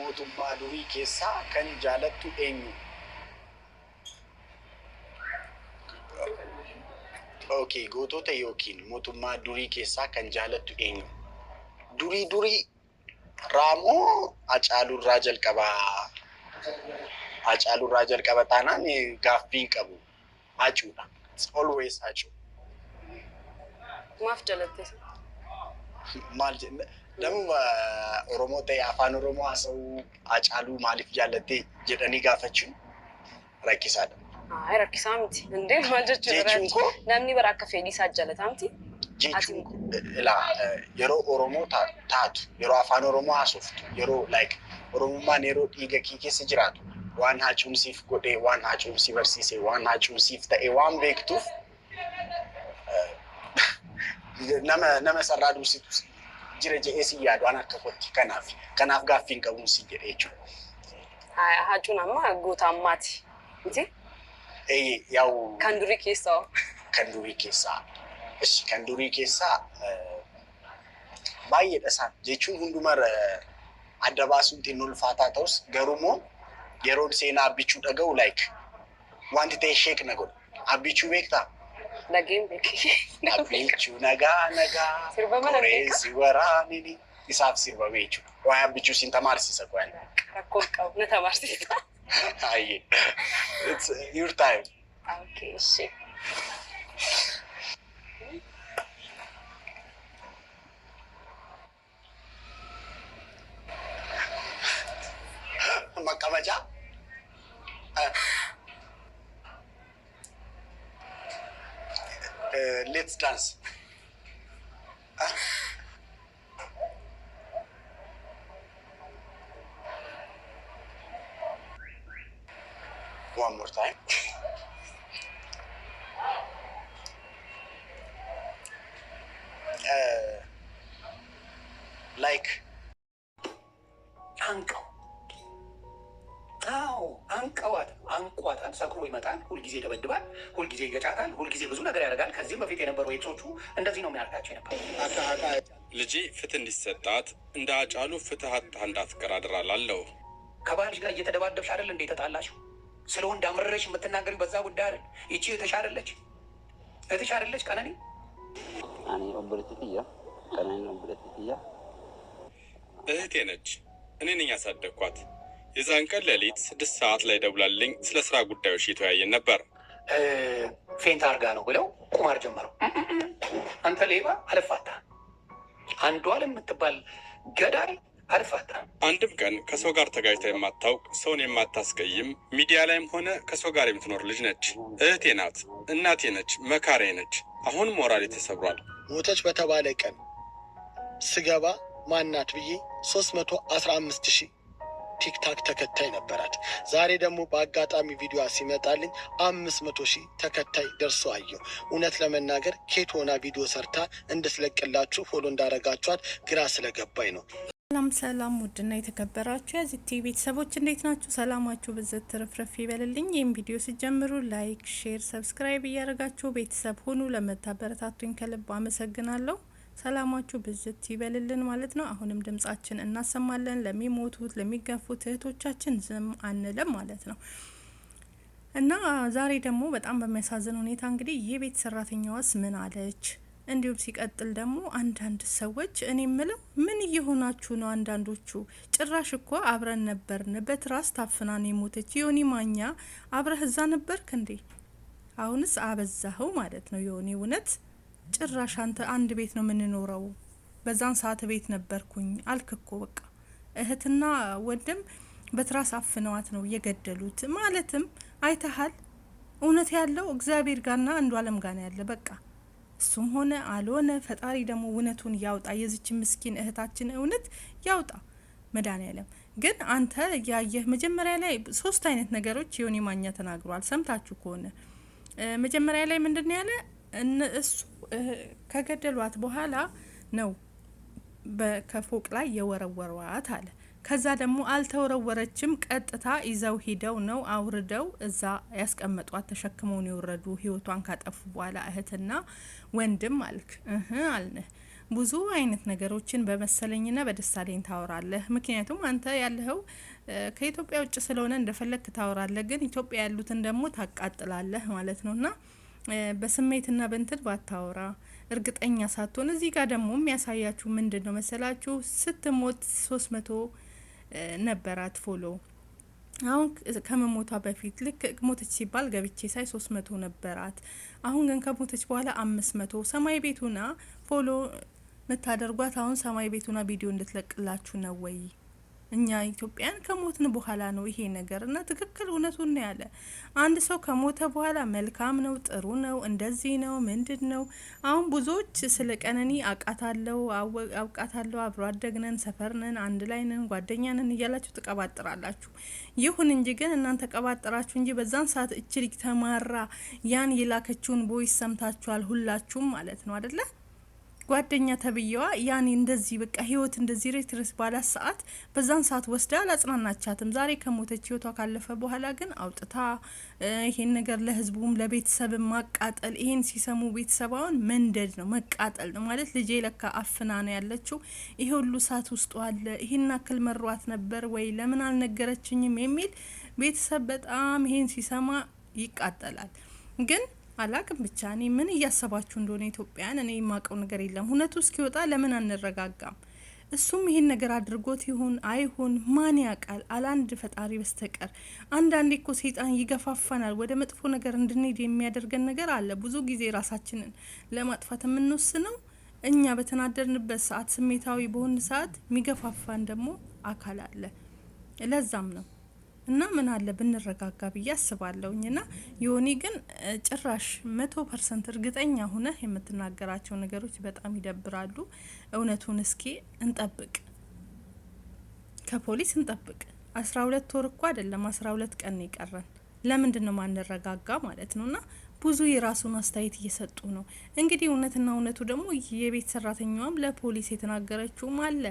mootummaa durii keessaa kan jaalattu eenyu? Okay, gootota yookiin mootummaa durii keessaa kan jaalattu eenyu? Durii durii raamoo Hacaaluu irraa jalqabaa. Hacaaluu irraa jalqaba taanaan gaaffiin qabu. Acuudha. It's Always hacuu. Maaf jalatte? Maal jennaan? ደግሞ ኦሮሞ ta'e afaan oromoo haasa'uu haacaaluu maaliif jaallattee jedhanii gaafachuun rakkisaadha. Rakkisaa miti. Indee maal jechuun koo namni bara akka fedhii isaa jaalataa miti. Jechuun yeroo oromoo taatu yeroo afaan oromoo haasoftu yeroo like oromummaan yeroo dhiiga kii keessa jiraatu waan hacuumsiif godhee waan hacuumsii barsiise waan hacuumsiif ta'e waan beektuuf nama nama sarraa duusitu. jira jedhee si yaadu an akka kotti kanaaf kanaaf gaaffii hin qabuun si jedhee jechuudha. Hacuun amma goota ammaati miti? Yaa'u. Kan durii keessaa. Kan durii keessaa. Ishi kan durii keessaa baay'eedha isaan jechuun hundumarra adda baasuutiin ni ulfaataa ta'us garuummoo yeroon seenaa abbichuu dhaga'u like wanti ta'e sheek na godha abbichuu beektaa Nageen beekee. Abbichuu nagaa nagaa. Sirbama nagaa. Qoreensi waraanini. Isaaf sirbame jechuudha. Waa abbichuu siin tamaarsiisa qo'aan. Rakkoon qabu na tamaarsiisa. Hayyee. It's your time. Okay, shit. መቀመጫ Uh, let's dance. Ah. One more time. ይገጫል፣ ሁልጊዜ ይደበድባል፣ ሁልጊዜ ይገጫታል፣ ሁልጊዜ ብዙ ነገር ያደርጋል። ከዚህም በፊት የነበሩ ኤክሶቹ እንደዚህ ነው የሚያደርጋቸው ነበር። ልጄ ፍትህ እንዲሰጣት እንደ አጫሉ ፍትህ አጣ እንዳትቀር አደራላለሁ። ከባልሽ ጋር እየተደባደብሽ አይደል እንደ ተጣላሽ ስለ ወንድ አምርረሽ የምትናገሪ በዛ ጉዳይ አይደል? ይቺ እህትሽ አይደለች? እህትሽ አይደለች ቀነኒ? እህቴ ነች። እኔ ነኝ ያሳደግኳት። የዛን ቀን ሌሊት ስድስት ሰዓት ላይ ደውላልኝ ስለ ስራ ጉዳዮች እየተወያየን ነበር። ፌንት አርጋ ነው ብለው ቁማር ጀመረው። አንተ ሌባ አልፋታ፣ አንዷለም የምትባል ገዳይ አልፋታ። አንድም ቀን ከሰው ጋር ተጋጅታ የማታውቅ ሰውን የማታስቀይም ሚዲያ ላይም ሆነ ከሰው ጋር የምትኖር ልጅ ነች። እህቴ ናት፣ እናቴ ነች፣ መካሬ ነች። አሁን ሞራሌ ተሰብሯል። ሞተች በተባለ ቀን ስገባ ማናት ብዬ ሶስት መቶ አስራ አምስት ሺህ ቲክታክ ተከታይ ነበራት። ዛሬ ደግሞ በአጋጣሚ ቪዲዮ ሲመጣልኝ አምስት መቶ ሺህ ተከታይ ደርሶ አየሁ። እውነት ለመናገር ኬት ሆና ቪዲዮ ሰርታ እንድትለቅላችሁ ፎሎ እንዳረጋችኋት ግራ ስለገባኝ ነው። ሰላም ሰላም፣ ውድና የተከበራችሁ የዚህ ቲቪ ቤተሰቦች እንዴት ናችሁ? ሰላማችሁ ብዘት ትርፍረፍ ይበልልኝ። ይህም ቪዲዮ ስጀምሩ ላይክ፣ ሼር፣ ሰብስክራይብ እያደረጋችሁ ቤተሰብ ሁኑ። ለመታበረታቱኝ ከልብ አመሰግናለሁ። ሰላማችሁ ብዝት ይበልልን ማለት ነው። አሁንም ድምጻችን እናሰማለን። ለሚሞቱት ለሚገፉት እህቶቻችን ዝም አንልም ማለት ነው። እና ዛሬ ደግሞ በጣም በሚያሳዝን ሁኔታ እንግዲህ የቤት ሰራተኛዋስ ምን አለች? እንዲሁም ሲቀጥል ደግሞ አንዳንድ ሰዎች እኔ ምለው ምን እየሆናችሁ ነው? አንዳንዶቹ ጭራሽ እኮ አብረን ነበርን፣ በትራስ ታፍናን የሞተች ዮኒ ማኛ አብረህ እዛ ነበርክ እንዴ? አሁንስ አበዛኸው ማለት ነው የሆኔ እውነት ጭራሽ አንተ አንድ ቤት ነው የምንኖረው። በዛን ሰዓት ቤት ነበርኩኝ አልክ እኮ በቃ እህትና ወንድም በትራስ አፍነዋት ነው የገደሉት። ማለትም አይተሃል፣ እውነት ያለው እግዚአብሔር ጋርና አንዱ አለም ጋር ያለ። በቃ እሱም ሆነ አልሆነ ፈጣሪ ደግሞ እውነቱን ያውጣ። የዚች ምስኪን እህታችን እውነት ያውጣ መዳን ያለም ግን አንተ ያየህ መጀመሪያ ላይ ሶስት አይነት ነገሮች የሆነ ማኛ ተናግሯል። ሰምታችሁ ከሆነ መጀመሪያ ላይ ምንድን ያለ እሱ ከገደሏት በኋላ ነው ከፎቅ ላይ የወረወሯት አለ። ከዛ ደግሞ አልተወረወረችም፣ ቀጥታ ይዘው ሂደው ነው አውርደው እዛ ያስቀመጧት። ተሸክመውን የወረዱ ህይወቷን ካጠፉ በኋላ እህትና ወንድም አልክ እህ አልንህ ብዙ አይነት ነገሮችን በመሰለኝና በደሳለኝ ታወራለህ። ምክንያቱም አንተ ያለኸው ከኢትዮጵያ ውጭ ስለሆነ እንደፈለግክ ታወራለህ፣ ግን ኢትዮጵያ ያሉትን ደግሞ ታቃጥላለህ ማለት ነውና በስሜትና በእንትን ባታወራ እርግጠኛ ሳትሆን እዚህ ጋር ደግሞ የሚያሳያችሁ ምንድን ነው መሰላችሁ? ስትሞት ሶስት መቶ ነበራት ፎሎ። አሁን ከመሞቷ በፊት ልክ ሞተች ሲባል ገብቼ ሳይ ሶስት መቶ ነበራት። አሁን ግን ከሞተች በኋላ አምስት መቶ ሰማይ ቤቱና ፎሎ ምታደርጓት አሁን ሰማይ ቤቱና ቪዲዮ እንድትለቅላችሁ ነው ወይ? እኛ ኢትዮጵያን ከሞትን በኋላ ነው ይሄ ነገር እና ትክክል እውነቱን ነው ያለ። አንድ ሰው ከሞተ በኋላ መልካም ነው፣ ጥሩ ነው፣ እንደዚህ ነው፣ ምንድን ነው። አሁን ብዙዎች ስለ ቀነኒ አቃታለው፣ አውቃታለው፣ አብሮ አደግነን፣ ሰፈርነን፣ አንድ ላይ ነን፣ ጓደኛነን እያላችሁ ትቀባጥራላችሁ። ይሁን እንጂ ግን እናንተ ቀባጥራችሁ እንጂ በዛን ሰዓት እችልክ ተማራ ያን የላከችውን ቦይስ ሰምታችኋል ሁላችሁም ማለት ነው አደለም? ጓደኛ ተብዬዋ ያኔ እንደዚህ በቃ ህይወት እንደዚህ ሬትርስ ባላት ሰዓት በዛን ሰዓት ወስዳ አላጽናናቻትም። ዛሬ ከሞተች ህይወቷ ካለፈ በኋላ ግን አውጥታ ይሄን ነገር ለህዝቡም ለቤተሰብ ማቃጠል፣ ይሄን ሲሰሙ ቤተሰባውን መንደድ ነው መቃጠል ነው ማለት ልጄ ለካ አፍና ነው ያለችው፣ ይሄ ሁሉ ሰዓት ውስጡ አለ፣ ይሄን አክል መሯት ነበር ወይ ለምን አልነገረችኝም የሚል ቤተሰብ በጣም ይሄን ሲሰማ ይቃጠላል ግን አላቅም ብቻ እኔ ምን እያሰባችሁ እንደሆነ ኢትዮጵያን እኔ የማውቀው ነገር የለም። እውነቱ እስኪወጣ ለምን አንረጋጋም? እሱም ይሄን ነገር አድርጎት ይሁን አይሁን ማን ያውቃል? አላንድ ፈጣሪ በስተቀር አንዳንዴ እኮ ሰይጣን ይገፋፋናል ወደ መጥፎ ነገር እንድንሄድ የሚያደርገን ነገር አለ። ብዙ ጊዜ ራሳችንን ለማጥፋት የምንወስነው እኛ በተናደርንበት ሰዓት፣ ስሜታዊ በሆን ሰዓት የሚገፋፋን ደግሞ አካል አለ። ለዛም ነው እና ምን አለ ብንረጋጋ ብዬ አስባለሁኝ። ና ዮኒ ግን ጭራሽ መቶ ፐርሰንት እርግጠኛ ሁነ የምትናገራቸው ነገሮች በጣም ይደብራሉ። እውነቱን እስኪ እንጠብቅ፣ ከፖሊስ እንጠብቅ። አስራ ሁለት ወር እኮ አይደለም አስራ ሁለት ቀን ይቀረን። ለምንድን ነው ማንረጋጋ ማለት ነው? ና ብዙ የራሱን አስተያየት እየሰጡ ነው። እንግዲህ እውነትና እውነቱ ደግሞ የቤት ሰራተኛዋም ለፖሊስ የተናገረችውም አለ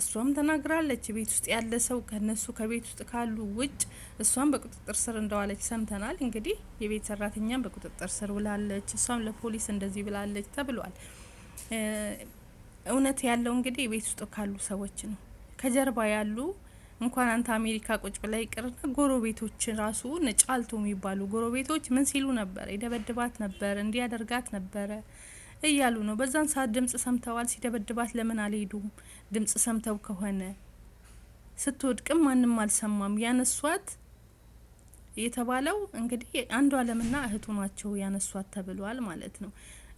እሷም ተናግራለች። ቤት ውስጥ ያለ ሰው ከነሱ ከቤት ውስጥ ካሉ ውጭ እሷም በቁጥጥር ስር እንደዋለች ሰምተናል። እንግዲህ የቤት ሰራተኛም በቁጥጥር ስር ውላለች፣ እሷም ለፖሊስ እንደዚህ ብላለች ተብሏል። እውነት ያለው እንግዲህ የቤት ውስጥ ካሉ ሰዎች ነው። ከጀርባ ያሉ እንኳን አንተ አሜሪካ ቁጭ ብላ ይቅርና ጎረቤቶች ራሱ ነጫልቶ የሚባሉ ጎረቤቶች ምን ሲሉ ነበር? ይደበድባት ነበር፣ እንዲያደርጋት ነበረ እያሉ ነው። በዛን ሰዓት ድምጽ ሰምተዋል። ሲደበድባት ለምን አልሄዱም? ድምጽ ሰምተው ከሆነ ስትወድቅም ማንም አልሰማም። ያነሷት የተባለው እንግዲህ አንዷ አለምና እህቱ ናቸው ያነሷት ተብሏል ማለት ነው።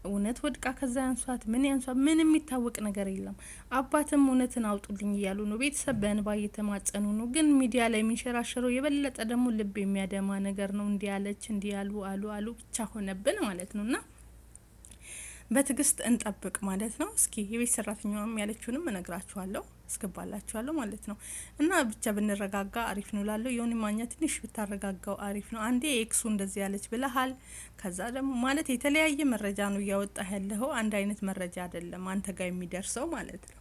እውነት ወድቃ ከዛ ያንሷት ምን ያንሷት ምን የሚታወቅ ነገር የለም። አባትም እውነትን አውጡልኝ እያሉ ነው። ቤተሰብ በእንባ እየተማጸኑ ነው። ግን ሚዲያ ላይ የሚንሸራሸረው የበለጠ ደግሞ ልብ የሚያደማ ነገር ነው። እንዲህ ያለች እንዲህ ያሉ አሉ አሉ ብቻ ሆነብን ማለት ነው እና በትዕግስት እንጠብቅ ማለት ነው። እስኪ የቤት ሰራተኛዋም ያለችውንም እነግራችኋለሁ አስገባላችኋለሁ ማለት ነው። እና ብቻ ብንረጋጋ አሪፍ ነው ላለው የሆነ ማኛ ትንሽ ብታረጋጋው አሪፍ ነው። አንዴ ኤክሱ እንደዚህ ያለች ብለሃል። ከዛ ደግሞ ማለት የተለያየ መረጃ ነው እያወጣ ያለኸው፣ አንድ አይነት መረጃ አይደለም አንተ ጋር የሚደርሰው ማለት ነው።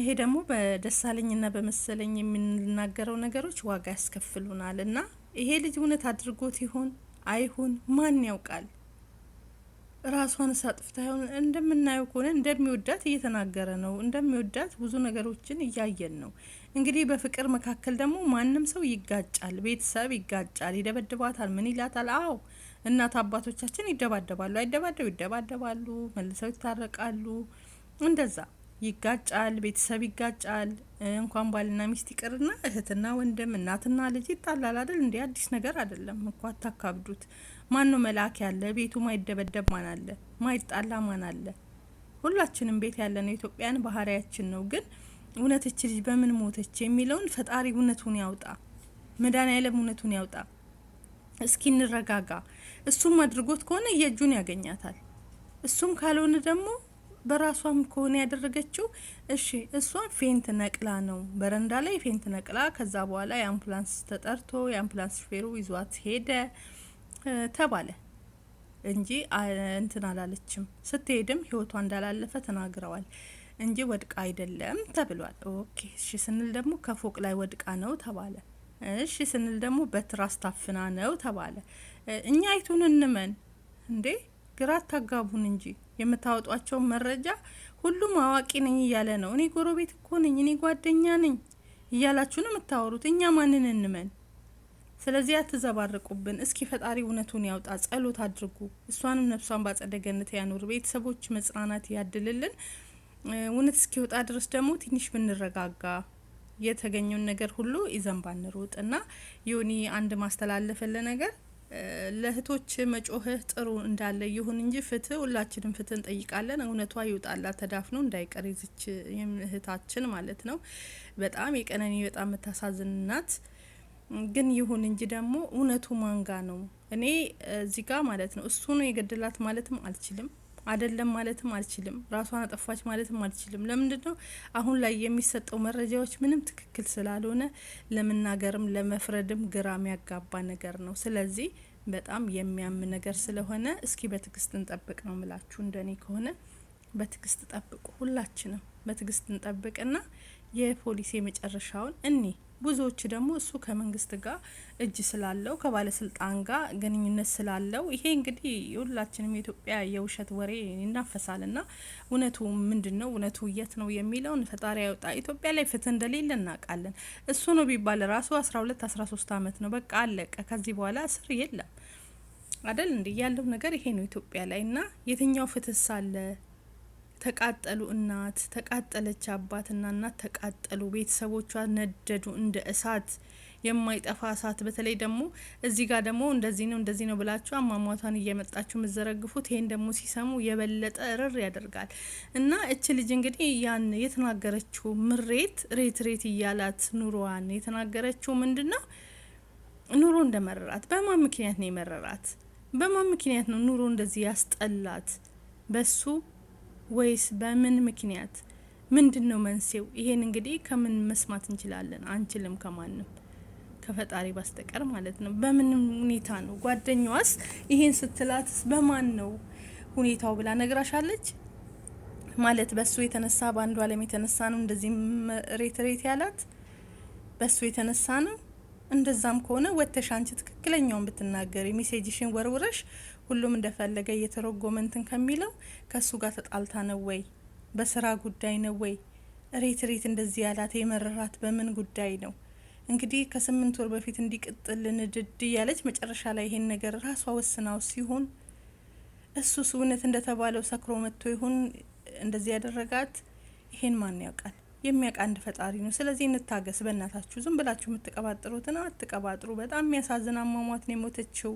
ይሄ ደግሞ በደሳለኝና በመሰለኝ የምንናገረው ነገሮች ዋጋ ያስከፍሉናል እና ይሄ ልጅ እውነት አድርጎት ይሆን? አይሁን ማን ያውቃል? ራሷን ሳጥፍታ ይሆን? እንደምናየው ከሆነ እንደሚወዳት እየተናገረ ነው። እንደሚወዳት ብዙ ነገሮችን እያየን ነው። እንግዲህ በፍቅር መካከል ደግሞ ማንም ሰው ይጋጫል፣ ቤተሰብ ይጋጫል፣ ይደበድባታል፣ ምን ይላታል። አዎ እናት አባቶቻችን ይደባደባሉ፣ አይደባደቡ፣ ይደባደባሉ፣ መልሰው ይታረቃሉ እንደዛ ይጋጫል፣ ቤተሰብ ይጋጫል። እንኳን ባልና ሚስት ይቅርና እህትና ወንድም እናትና ልጅ ይጣላል አይደል? እንዲህ አዲስ ነገር አይደለም እኮ አታካብዱት። ማን ነው መልአክ ያለ? ቤቱ ማይደበደብ ማን አለ? ማይጣላ ማን አለ? ሁላችንም ቤት ያለ ነው። ኢትዮጵያን ባህሪያችን ነው። ግን እውነትች ልጅ በምን ሞተች የሚለውን ፈጣሪ እውነቱን ያውጣ፣ መድኃኔዓለም እውነቱን ያውጣ። እስኪ እንረጋጋ። እሱም አድርጎት ከሆነ የእጁን ያገኛታል። እሱም ካልሆነ ደግሞ በራሷም ከሆነ ያደረገችው እሺ፣ እሷን ፌንት ነቅላ ነው በረንዳ ላይ ፌንት ነቅላ። ከዛ በኋላ የአምቡላንስ ተጠርቶ የአምቡላንስ ሹፌሩ ይዟት ሄደ ተባለ እንጂ እንትን አላለችም። ስትሄድም ህይወቷ እንዳላለፈ ተናግረዋል እንጂ ወድቃ አይደለም ተብሏል። ኦኬ እሺ ስንል ደግሞ ከፎቅ ላይ ወድቃ ነው ተባለ። እሺ ስንል ደግሞ በትራስ ታፍና ነው ተባለ። እኛ አይቱን እንመን እንዴ! ግራ ታጋቡን እንጂ የምታወጧቸውን መረጃ ሁሉም አዋቂ ነኝ እያለ ነው። እኔ ጎረቤት እኮ ነኝ፣ እኔ ጓደኛ ነኝ እያላችሁ ነው የምታወሩት። እኛ ማንን እንመን? ስለዚህ አትዘባርቁብን። እስኪ ፈጣሪ እውነቱን ያውጣ። ጸሎት አድርጉ። እሷንም ነፍሷን ባጸደ ገነት ያኑር። ቤተሰቦች መጽናናት ያድልልን። እውነት እስኪወጣ ድረስ ደግሞ ትንሽ ብንረጋጋ የተገኘውን ነገር ሁሉ ይዘን ባንሮጥ እና ዮኒ አንድ ማስተላለፈለ ነገር ለእህቶች መጮህህ ጥሩ እንዳለ ይሁን እንጂ ፍትህ ሁላችንም ፍትህ እንጠይቃለን። እውነቷ ይውጣላት ተዳፍኖ እንዳይቀር ይዝች እህታችን ማለት ነው። በጣም የቀነኒ በጣም የምታሳዝን ናት። ግን ይሁን እንጂ ደግሞ እውነቱ ማንጋ ነው። እኔ እዚህ ጋር ማለት ነው እሱ ነው የገደላት ማለትም አልችልም። አይደለም ማለትም አልችልም። ራሷን አጠፋች ማለትም አልችልም። ለምንድን ነው አሁን ላይ የሚሰጠው መረጃዎች ምንም ትክክል ስላልሆነ ለመናገርም ለመፍረድም ግራ የሚያጋባ ነገር ነው። ስለዚህ በጣም የሚያም ነገር ስለሆነ እስኪ በትዕግስት እንጠብቅ ነው ምላችሁ። እንደኔ ከሆነ በትዕግስት ጠብቁ። ሁላችንም በትዕግስት እንጠብቅና የፖሊስ የመጨረሻውን እኔ ብዙዎቹ ደግሞ እሱ ከመንግስት ጋር እጅ ስላለው ከባለስልጣን ጋር ግንኙነት ስላለው ይሄ እንግዲህ የሁላችንም የኢትዮጵያ የውሸት ወሬ ይናፈሳል ና እውነቱ ምንድን ነው? እውነቱ የት ነው የሚለውን ፈጣሪ ያውጣ። ኢትዮጵያ ላይ ፍትህ እንደሌለ እናውቃለን። እሱ ነው ቢባል ራሱ አስራ ሁለት አስራ ሶስት አመት ነው በቃ አለቀ። ከዚህ በኋላ እስር የለም አደል እንዲህ ያለው ነገር ይሄ ነው ኢትዮጵያ ላይ እና የትኛው ፍትህስ አለ ተቃጠሉ። እናት ተቃጠለች። አባትና እናት ተቃጠሉ። ቤተሰቦቿ ነደዱ እንደ እሳት የማይጠፋ እሳት። በተለይ ደግሞ እዚህ ጋር ደግሞ እንደዚህ ነው እንደዚህ ነው ብላችሁ አሟሟቷን እየመጣችሁ የምዘረግፉት ይሄን ደግሞ ሲሰሙ የበለጠ እርር ያደርጋል። እና እች ልጅ እንግዲህ ያን የተናገረችው ምሬት ሬት ሬት እያላት ኑሮዋን የተናገረችው ምንድን ነው ኑሮ እንደ መረራት። በማን ምክንያት ነው የመረራት? በማን ምክንያት ነው ኑሮ እንደዚህ ያስጠላት? በሱ ወይስ በምን ምክንያት ምንድን ነው መንስኤው? ይሄን እንግዲህ ከምን መስማት እንችላለን? አንችልም፣ ከማንም ከፈጣሪ በስተቀር ማለት ነው። በምን ሁኔታ ነው? ጓደኛዋስ ይሄን ስትላትስ በማን ነው ሁኔታው ብላ ነግራሻለች? ማለት በሱ የተነሳ በአንዱ አለም የተነሳ ነው እንደዚህ ሬት ሬት ያላት በሱ የተነሳ ነው። እንደዛም ከሆነ ወጥተሽ አንቺ ትክክለኛውን ብትናገሪ ሜሴጅሽን ወርውረሽ ሁሉም እንደፈለገ እየተረጎመ እንትን ከሚለው ከሱ ጋር ተጣልታ ነው ወይ በስራ ጉዳይ ነው ወይ ሬት ሬት እንደዚህ ያላት የመረራት በምን ጉዳይ ነው? እንግዲህ ከስምንት ወር በፊት እንዲቅጥል ንድድ እያለች መጨረሻ ላይ ይሄን ነገር ራሷ ወስናው ሲሆን እሱስ እውነት እንደተባለው ሰክሮ መጥቶ ይሁን እንደዚህ ያደረጋት ይሄን ማን ያውቃል? የሚያውቅ አንድ ፈጣሪ ነው። ስለዚህ እንታገስ። በእናታችሁ ዝም ብላችሁ የምትቀባጥሩትን አትቀባጥሩ። በጣም የሚያሳዝን አሟሟት ነው የሞተችው።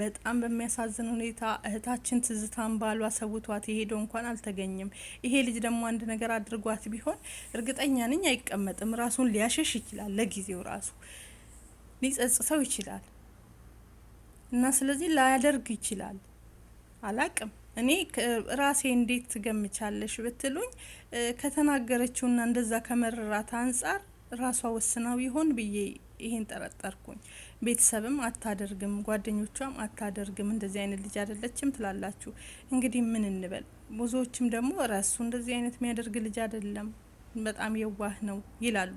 በጣም በሚያሳዝን ሁኔታ እህታችን ትዝታን ባሏ ሰውቷት የሄደው እንኳን አልተገኘም። ይሄ ልጅ ደግሞ አንድ ነገር አድርጓት ቢሆን እርግጠኛ ነኝ አይቀመጥም። ራሱን ሊያሸሽ ይችላል። ለጊዜው ራሱ ሊጸጽተው ይችላል እና ስለዚህ ላያደርግ ይችላል። አላቅም እኔ ራሴ እንዴት ትገምቻለሽ ብትሉኝ ከተናገረችውና እንደዛ ከመረራት አንጻር ራሷ ወስናው ይሆን ብዬ ይሄን ጠረጠርኩኝ። ቤተሰብም አታደርግም፣ ጓደኞቿም አታደርግም፣ እንደዚህ አይነት ልጅ አይደለችም ትላላችሁ። እንግዲህ ምን እንበል? ብዙዎችም ደግሞ ረሱ እንደዚህ አይነት የሚያደርግ ልጅ አይደለም በጣም የዋህ ነው ይላሉ።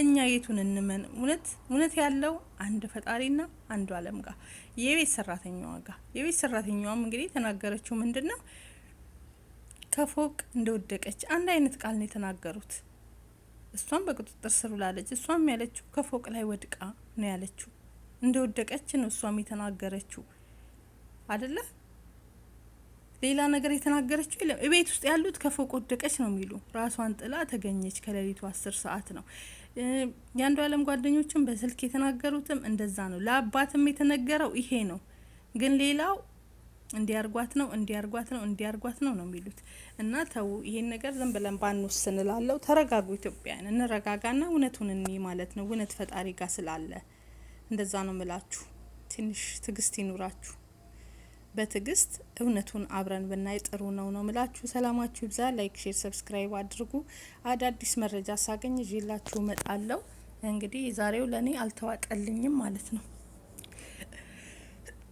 እኛ የቱን እንመን? እውነት እውነት ያለው አንድ ፈጣሪና አንዱ አለም ጋር የቤት ሰራተኛዋ ጋር የቤት ሰራተኛዋም እንግዲህ የተናገረችው ምንድን ነው ከፎቅ እንደወደቀች አንድ አይነት ቃል ነው የተናገሩት። እሷም በቁጥጥር ስር ውላለች። እሷም ያለችው ከፎቅ ላይ ወድቃ ነው ያለችው። እንደወደቀች ነው እሷም የተናገረችው አደለ ሌላ ነገር የተናገረችው የለም። ቤት ውስጥ ያሉት ከፎቅ ወደቀች ነው የሚሉ ራሷን ጥላ ተገኘች። ከሌሊቱ አስር ሰዓት ነው። የአንዱ አለም ጓደኞችም በስልክ የተናገሩትም እንደዛ ነው። ለአባትም የተነገረው ይሄ ነው። ግን ሌላው እንዲያርጓት ነው እንዲያርጓት ነው እንዲያርጓት ነው ነው የሚሉት እና ተው ይሄን ነገር ዝም ብለን ባንወስን እላለሁ። ተረጋጉ ኢትዮጵያን፣ እንረጋጋና እውነቱን እኒ ማለት ነው። እውነት ፈጣሪ ጋር ስላለ እንደዛ ነው ምላችሁ። ትንሽ ትግስት ይኑራችሁ። በትዕግስት እውነቱን አብረን ብናይ ጥሩ ነው ነው ምላችሁ። ሰላማችሁ ይብዛ። ላይክ፣ ሼር፣ ሰብስክራይብ አድርጉ። አዳዲስ መረጃ ሳገኝ ይዤላችሁ እመጣለሁ። እንግዲህ ዛሬው ለእኔ አልተዋጠልኝም ማለት ነው።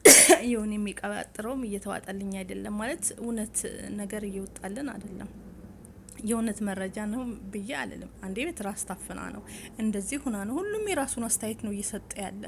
ይሁን የሚቀባጥረውም እየተዋጠልኝ አይደለም ማለት እውነት ነገር እየወጣልን አይደለም የእውነት መረጃ ነው ብዬ አልልም። አንዴ ቤት ራስ ታፍና ነው እንደዚህ ሁና ነው። ሁሉም የራሱን አስተያየት ነው እየሰጠ ያለ